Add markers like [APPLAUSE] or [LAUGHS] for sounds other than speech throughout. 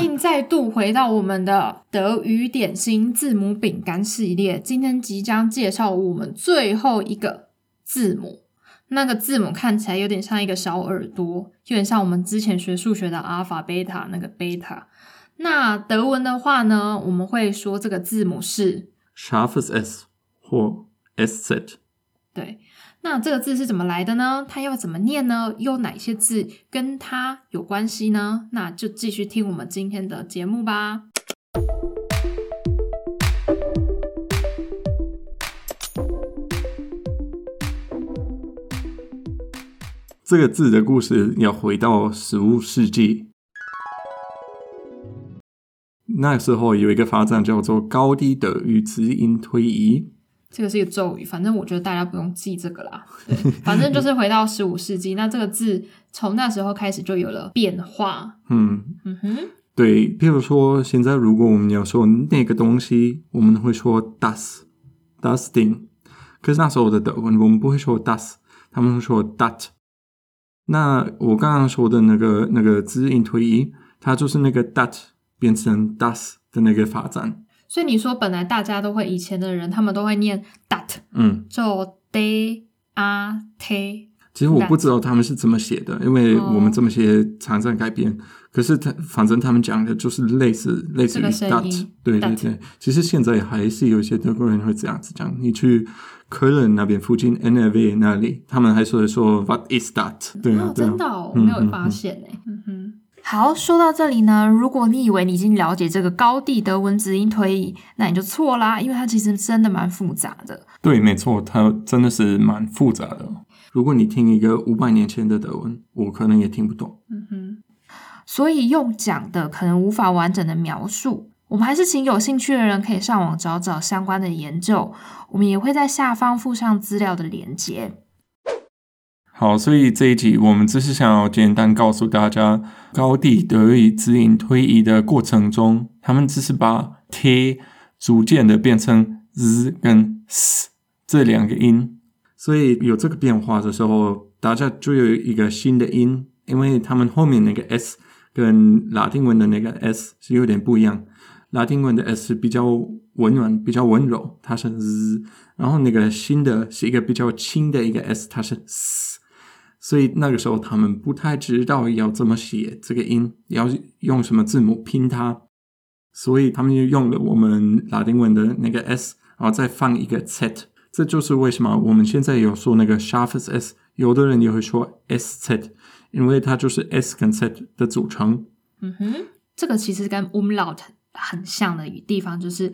並再度回到我們的德語點心字母餅乾系列，今天即將介紹我們最後一個字母。那個字母看起來有點像一個小耳朵，有點像我們之前學數學的阿爾法、貝塔那個貝塔。那德文的話呢，我們會說這個字母是 scharfes S 或 SZ。對。那這個字是怎麼來的呢？它要怎麼念呢？又哪些字跟它有關係呢？那就繼續聽我們今天的節目吧。這個字的故事要回到十五世紀，那時候有一個發展叫做高地德語子音推移。這個是一個咒語，反正我覺得大家不用記這個啦。反正就是回到十五世紀， [LAUGHS] 那這個字從那時候開始就有了變化。嗯嗯哼，對，比如說現在如果我們要說那個東西，我們會說 das，das Ding。可是那時候的德文，我們不會說 das，他們會說 dat。那我剛剛說的那個那個字音推移，它就是那個 dat 變成 das 的那個發展。所以你說，本來大家都會以前的人，他們都會念 d a t，嗯，就 d a y t。啊、其實我不知道他們是怎麼寫的因為我們這麼寫、哦、常常改變。可是他反正他們講的就是類似類似於 that，對 ate 對對。其實現在還是有一些德國人會這樣子講。你去科隆那邊附近 N L V 那裡，他們還說說 What is that？沒有、啊哦啊、真的、哦，嗯、我沒有發現哎。嗯嗯嗯嗯哼好，說到這裡呢，如果你以為你已經了解這個高地德文子音推移，那你就錯啦，因為它其實真的蠻複雜的。對，沒錯，它真的是蠻複雜的。如果你聽一個五百年前的德文，我可能也聽不懂。嗯哼，所以用講的可能無法完整的描述。我們還是請有興趣的人可以上網找找相關的研究，我們也會在下方附上資料的連結。好，所以這一集我們只是想要簡單告訴大家，高地德語子音推移的過程中，他們只是把 t 逐漸的變成 z 跟 s 這兩個音。所以有這個變化的時候，大家就有一個新的音，因為他們後面那個 s 跟拉丁文的那個 s 是有點不一樣。拉丁文的 s 是比較溫暖，比較溫柔，它是 z，然後那個新的是一個比較輕的一個 s，它是 s。所以那個時候他們不太知道要怎麼寫這個音，要用什麼字母拼它，所以他們就用了我們拉丁文的那個 s，然後再放一個 z，這就是為什麼我們現在有說那個 scharfes s，有的人也會說 sz，因為它就是 s 跟 z 的組成。嗯哼，這個其實跟 umlaut 很，很像的地方，就是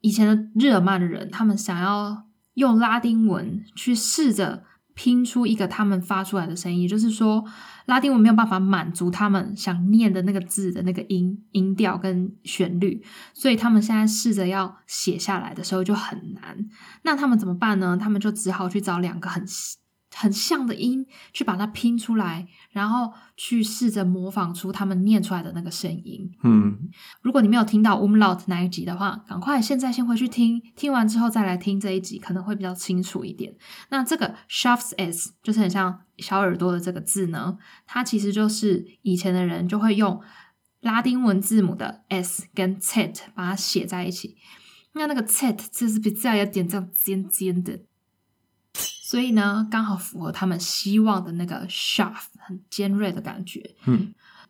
以前的日耳曼人他們想要用拉丁文去試着。拼出一個他們發出來的聲音，也就是說拉丁文沒有辦法滿足他們想念的那個字的那個音音調跟旋律，所以他們現在試着要寫下來的時候就很難。那他們怎麼辦呢？他們就只好去找兩個很。很像的音，去把它拼出來，然後去試着模仿出他們念出來的那個聲音。嗯，如果你沒有聽到 Umlaut 那一集的話，趕快現在先回去聽，聽完之後再來聽這一集，可能會比較清楚一點。那這個 scharfes S 就是很像小耳朵的這個字呢，它其實就是以前的人就會用拉丁文字母的 S 跟 Zett 把它寫在一起。那那個 Zett 就是比較有點這樣尖尖的。所以呢，剛好符合他們希望的那個 sharp 很尖銳的感覺，嗯，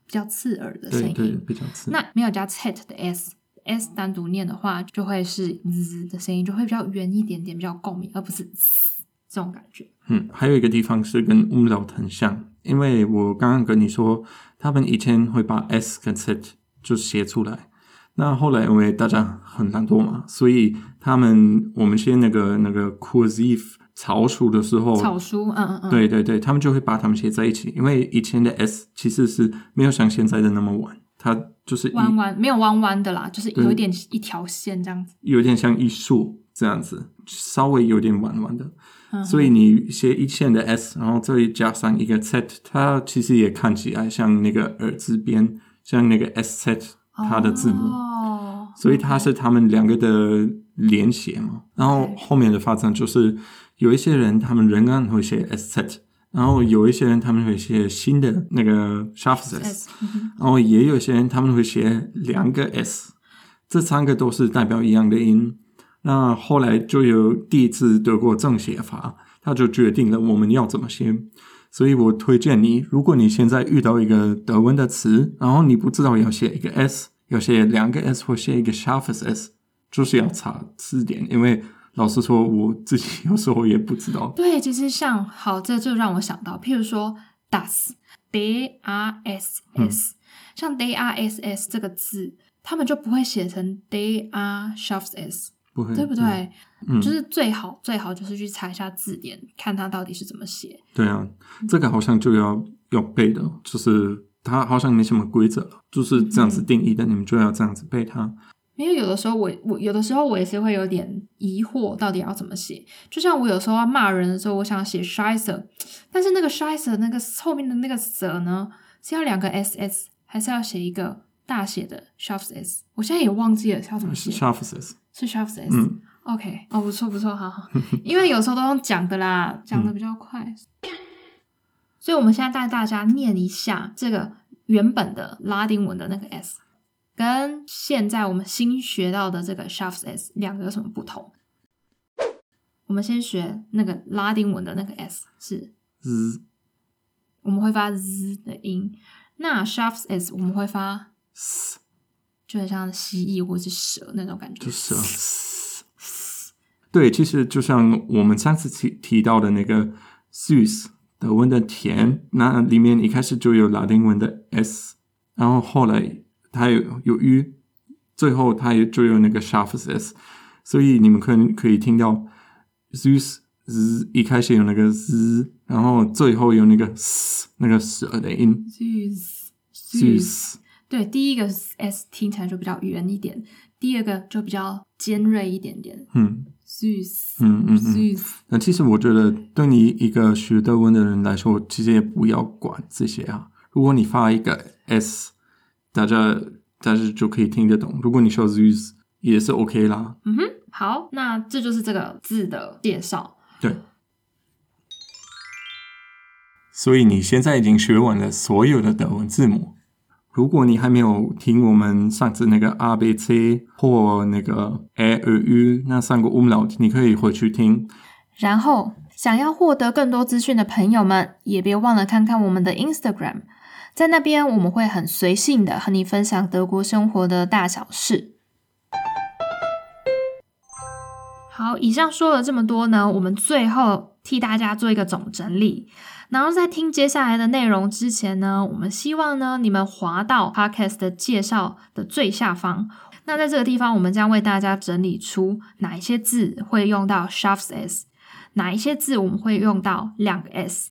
比較刺耳的聲音，對對，比較刺耳。那沒有加 z 的 s s 單獨念的話，就會是 z 的聲音，就會比較圓一點點，比較共鳴，而不是呲這種感覺。嗯，還有一個地方是跟 Umlaut 很像，嗯、因為我剛剛跟你說，他們以前會把 s 跟 z 就寫出來，那後來因為大家很懶惰嘛，嗯、所以他們我們先那個那個 cursive 草書的時候，草書，嗯嗯嗯，對對對，他們就會把它們寫在一起，因為以前的 S 其實是沒有像現在的那麼彎，它就是彎彎，沒有彎彎的啦，就是有一點一條線這樣子，有點像一豎這樣子，稍微有點彎彎的。嗯、哼所以你寫以前的 S，然後這裡加上一個 Z，它其實也看起來像那個耳字邊，像那個 S Z 它的字母，哦、所以它是他們兩個的。連寫嘛，然後後面的發展就是對有一些人他們仍然會寫 SZ，然後有一些人他們會寫新的那個 scharfes S，, s,、嗯、 然後也有一些人他們會寫兩個 s，這三個都是代表一樣的音。那後來就有第一次德國正寫法，它就決定了我們要怎麼寫。所以我推薦你，如果你現在遇到一個德文的詞，然後你不知道要寫一個 s，要寫兩個 s 或寫一個 scharfes S，就是要查字典，因為老實說，我自己有時候也不知道。對，其實像好，這就讓我想到，譬如說，dass, D-A-S-S，,、嗯、 像 D-A-S-S 這個字，他們就不會寫成 D-A scharfes S，不會 對不對？嗯、就是最好最好就是去查一下字典，看他到底是怎麼寫。對啊，這個好像就要要背的，就是它好像沒什麼規則了，就是這樣子定義的，嗯、你們就要這樣子背它。因為有,有的時候我我有的時候我也是會有點疑惑，到底要怎麼寫。就像我有時候要罵人的時候，我想寫 Scheiße，但是那個 Scheiße 那個後面的那個者呢，是要兩個 SS，還是要寫一個大寫的 scharfes S？我現在也忘記了要怎麼寫。scharfes S 是 scharfes S, s。 嗯。OK。哦，不錯不錯，哈哈， [LAUGHS] 因為有時候都用講的啦，講的比較快。嗯、所以我們現在帶大家念一下這個原本的拉丁文的那個 s。跟現在我們新學到的這個 scharfes s 兩個有什麼不同？我們先學那個拉丁文的那個 s 是 z， 我們會發 z 的音。那 scharfes s 我們會發 s, S, s. 就很像是蜥蜴或是蛇那種感覺。就舍對，其實就像我們上次提提到的那個 süß 德文的甜，那裡面一開始就有拉丁文的 s，然後後來。它有有 u，最後它也就有那個 scharfes s，所以你們可能可以聽到 süß z 一開始有那個 z，然後最後有那個 s 那個舌的音。süß süß J us. 對，第一個 s, s 聽起來就比較圓一點，第二個就比較尖銳一點點。嗯，süß J J us. 嗯嗯 süß 那其實我覺得，對你一個學德文的人來說，其實也不要管這些啊。如果你發一個 s。大家，大家就可以聽得懂。如果你說 ss，也是 OK 啦。嗯哼，好，那這就是這個字的介紹。對，所以你現在已經學完了所有的德文字母。如果你還沒有聽我們上次那個 R、B、C 或那個 L、U，那三個 Umlaut，你可以回去聽。然後，想要獲得更多資訊的朋友們，也別忘了看看我們的 Instagram。在那邊，我們會很隨性的和你分享德國生活的大小事。好，以上說了這麼多呢，我們最後替大家做一個總整理。然後在聽接下來的內容之前呢，我們希望呢你們滑到 podcast 的介紹的最下方。那在這個地方，我們將為大家整理出哪一些字會用到 scharfes s，哪一些字我們會用到兩個 s。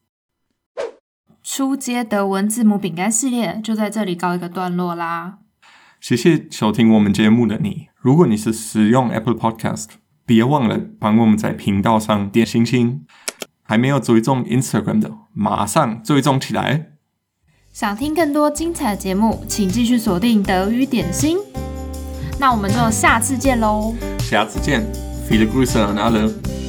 初階德文字母餅乾系列就在這裡告一個段落啦！謝謝收聽我們節目的你。如果你是使用 Apple Podcast，別忘了幫我們在頻道上點星星。還沒有追蹤 Instagram 的，馬上追蹤起來。想聽更多精彩節目，請繼續鎖定德語點心。那我們就下次見嘍！下次見！Viel Spaß euch allen!